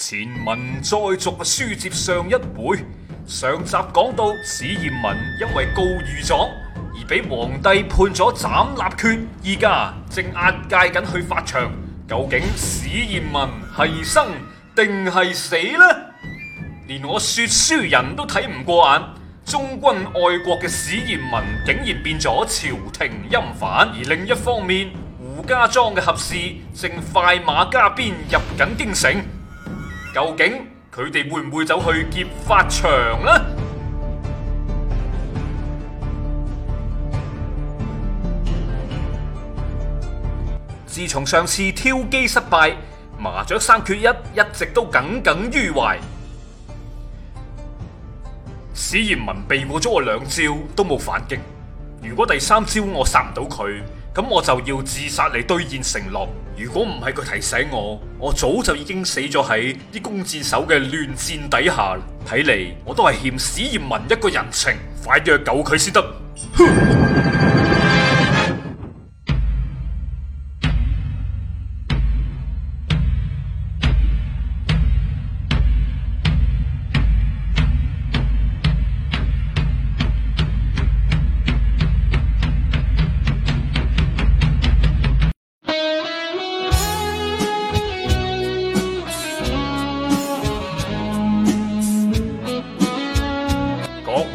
前文再續嘅書接上一回，上集講到史艷文因為告御狀而俾皇帝判咗斬立決，依家正押解緊去法場，究竟史艷文係生定係死呢？連我說書人都睇唔過眼，忠君愛國嘅史艷文竟然變咗朝廷欽犯。而另一方面，胡家莊嘅合氏正快馬加鞭入緊京城。究竟佢哋會唔會走去劫法場呢？自從上次挑機失敗，麻雀三缺一一直都耿耿於懷。史艷文避過咗我兩招都冇反擊，如果第三招我殺唔到佢。咁我就要自殺嚟兌現承諾。如果唔係佢提醒我，我早就已經死咗喺啲弓箭手嘅亂箭底下。睇嚟我都係欠史艷文一個人情，快啲去救佢先得。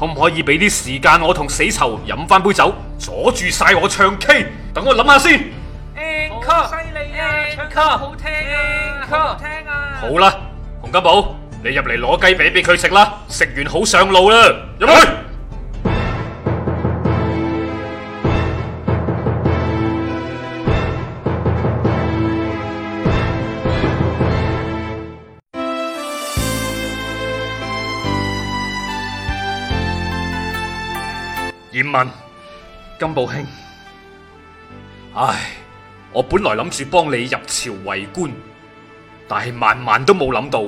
可唔可以俾啲時間我同死囚飲翻杯酒，阻住晒我唱 K，等我諗下先。好犀利啊！Encore, 唱 K 好聽，K 好聽啊！Encore, Encore, 好啦，洪金寶，你入嚟攞雞髀俾佢食啦，食完好上路啦，入去。 艷文，金寶興，唉，我本來諗住幫你入朝為官，但係萬萬都冇諗到，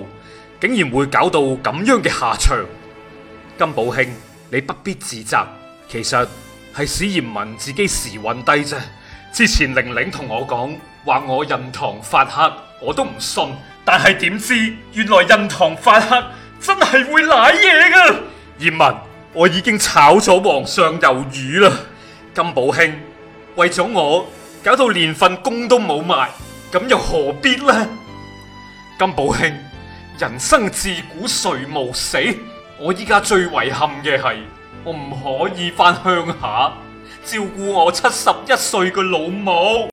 竟然會搞到咁樣嘅下場。金寶興，你不必自責，其實係史艷文自己時運低啫。之前玲玲同我講話我印堂發黑，我都唔信，但係點知原來印堂發黑真係會瀨嘢噶。艷文。我已經炒咗皇上魷魚啦，金寶兄，為咗我搞到連份工都冇埋，咁又何必呢？金寶兄，人生自古誰無死？我依家最遺憾嘅係，我唔可以返鄉下照顧我七十一歲嘅老母。